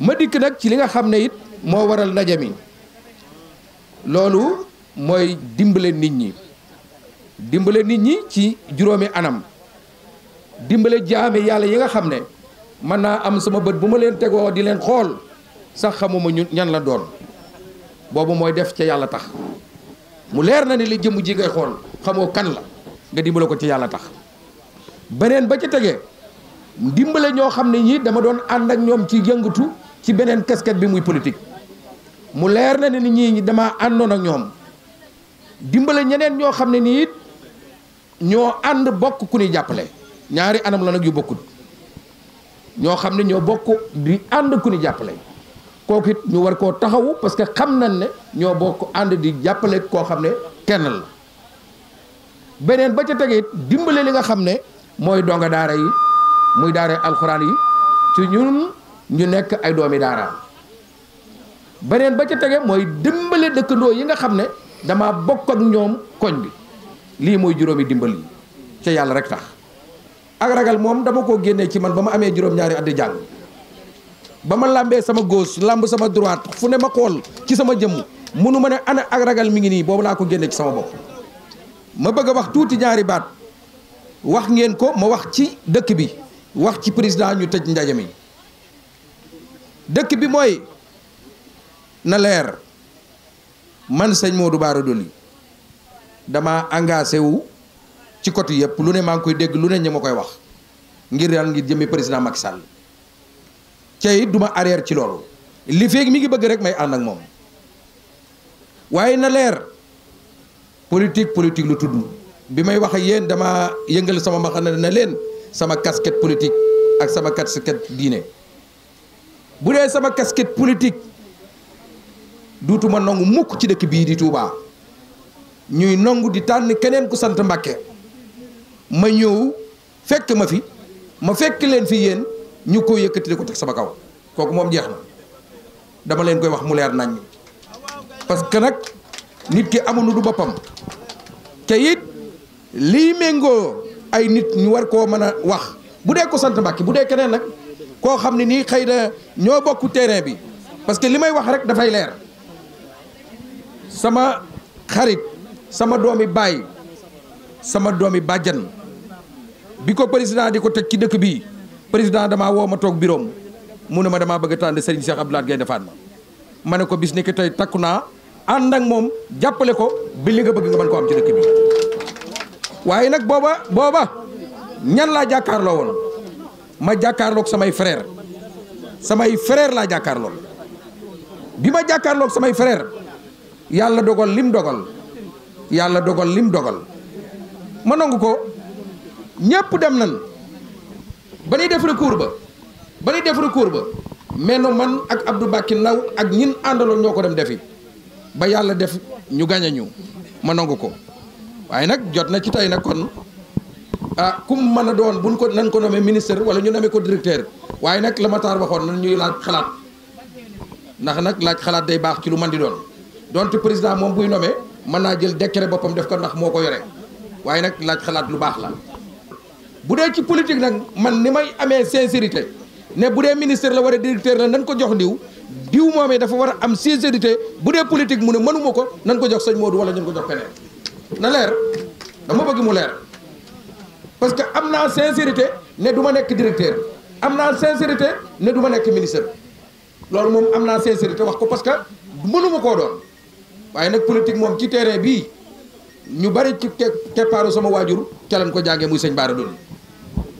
ma dikk nag ci li nga xam ne it moo waral ndaje mi loolu mooy dimbale nit ñi dimbale nit ñi ci juróomi anam dimbale jaame yàlla yi nga xam ne mën naa am sama bët bu ma leen tegoo di leen xool sax xamuma ñu ñan la doon boobu mooy def ca yàlla tax mu leer na ne li jëmm ji ngay xool xamoo kan la nga dimbale ko ci yàlla tax beneen ba ca tegee dimbale ñoo xam ne ñii dama doon ànd ak ñoom ci yëngatu ci beneen casquette bi muy politique mu leer na ne ni ñii dama àndoon na ñoom dimbale ñeneen ñoo xam ne nii it ñoo ànd bokk ku ni jàppale ñaari anam la nag yu bokkut ñoo xam ne ñoo bokk di ànd ku ni jàppale kooku it ñu war koo taxawu parce que xam nañ ne ñoo bokk ànd di jàppale koo xam ne kenn la beneen ba ca tege dimbale li nga xam ne mooy donga daara yi muy daara alxuraan yi ci ñun ñu nekk ay doomi daaraam beneen ba ca tege mooy dimbale dëkkandoo yi nga xam ne dama bokk ak ñoom koñ bi lii mooy juróomi dimbal yi ca yàlla rek tax ak ragal moom dama koo génnee ci man ba ma amee juróom-ñaari at ba ma làmbee sama gauche làmb sama droite fu ne ma xool ci sama jëmm munu ma ne ana ak ragal mi ngi nii boobu laa ko génne ci sama bopp ma bëgg a wax tuuti ñaari baat wax ngeen ko ma wax ci dëkk bi wax ci président ñu tëj ndaje mi dëkk bi mooy na leer man sëñ Modou Bara Dolly dama engagé wu ci côté yëpp lu ne maa ngi koy dégg lu ne ñi koy wax ngir yàlla ngir jëmmi président Macky Sall ca it du ma arrière ci loolu li feeg mi ngi bëgg rek may ànd ak moom waaye na leer politique politique lu tudd bi may wax ak yéen dama yëngal sama mbaxana na leen sama casquette politique ak sama casquette diine. bu dee sama casquette politique duutuma nangu mukk ci dëkk bii di Touba ñuy nangu di tànn keneen ku sant Mbàkke ma ñëw fekk ma fi ma fekk leen fi yéen ñu ko yëkkati di ko teg sama kaw kooku moom jeex na dama leen koy wax mu leer nañ parce que nag nit ki amuñu du boppam te it lii méngoo ay nit ñu war koo mën a wax bu dee ko sant Mbàkke bu dee keneen nag. koo xam ne nii xëy na ñoo bokk terrain bi parce que li may wax rek dafay leer sama xarit sama doomi baay sama doomi bàjjan bi ko président di ko teg ci dëkk bi président damaa woo ma toog biroom mu ne ma damaa bëgg a tànn Serigne ab Abdoulaye Gaynde Fatma ma ne ko bis ni ki tey takku naa ànd ak moom jàppale ko bi li nga bëgg nga mën ko am ci dëkk bi waaye nag booba booba ñan laa jàkkaarloo woon. ma jàkkaarloog samay frère samay frère laa jàkkaarlool bi ma jàkkaarloog samay frère yàlla dogal lim dogal yàlla dogal lim dogal ma nangu ko ñëpp dem nan ba ñuy def kuur ba ba ñuy def recours ba mais no man ak Abdou Bakki Ndaw ak ñin àndaloon ñoo ko dem defi ba yàlla def ñu gañe ñu ma nangu ko waaye nag jot na ci tey nag kon ah kum mën a doon buñ ko nañ ko nommé ministre wala ñu nommé ko directeur waaye nag la Matar waxoon nan ñuy laaj xalaat ndax nag laaj xalaat day baax ci lu man di doon donte président moom buy nommé mën naa jël décret boppam def ko ndax moo ko yore waaye nag laaj xalaat lu baax la bu dee ci politique nag man ni may amee sincérité ne bu dee ministre la war a directeur la nan ko jox ndiw diw amee dafa war a am sincérité bu dee politique mu ne mënuma ko nan ko jox sëñ Modou wala ñu ko jox keneen na leer dama bëgg mu leer parce que am naa sincérité ne du ma nekk directeur am naa sincérité ne du ma nekk ministre loolu moom am naa sincérité wax ko parce que mënuma koo doon waaye nag politique moom ci terrain bii ñu bari ci keppaaru sama waajur ca lañ ko jàngee muy sëñ Bara Dolly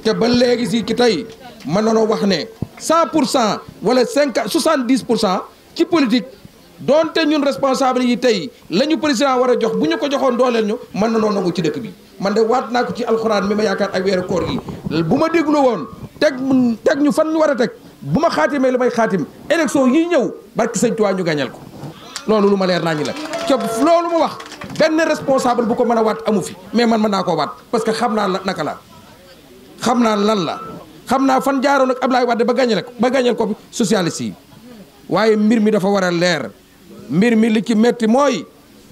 te ba léegi si ki tey mën nanoo wax ne cent pour cent wala cinq soixante dix pour cent ci politique doonte ñun responsable yi tey la ñu président war a jox bu ñu ko joxoon dooleel ñu mën na noo nangu ci dëkk bi man de waat naa ko ci alxuraan mi ma yaakaar ak weeru koor gi bu ma déglu woon teg teg ñu fan ñu war a teg bu ma xaatimee li may xaatim élection yi ñëw barki sëñ Tuubaa ñu gañal ko loolu lu ma leer naa ñu la cop loolu mu wax benn responsable bu ko mën a waat amu fi mais man mën naa koo waat parce que xam naa naka la xam naa lan la xam naa fan jaaroon ak Ablaye Wade ba gañal ko ba gañal ko socialiste yi waaye mbir mi dafa war a leer mbir mi li ci métti mooy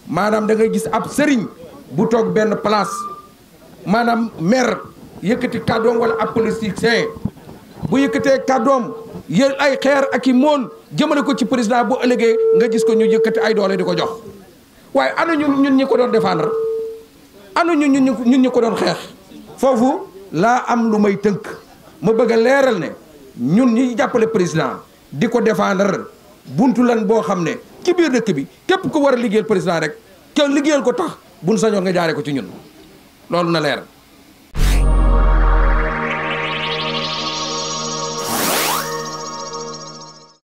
maanaam da nga gis ab sëriñ bu toog benn place maanaam maire yëkkati kàddoom wala ab politicien bu yëkkatee kàddoom yël ay xeer ak i moon jëmale ko ci président boo ëllëgee nga gis ko ñu yëkkati ay doole di ko jox waaye ana ñun ñun ñi ko doon défendre ana ñun ñun ñun ñi ko doon xeex foofu laa am lu may tënk ma bëgg leeral ne ñun ñi jàppale président di ko défendre buntu lan boo xam ne ci biir dëkk bi képp ko war a liggéeyal président rek kenn liggéeyal ko tax buñ sañoo nga jaaree ko ci ñun loolu na leer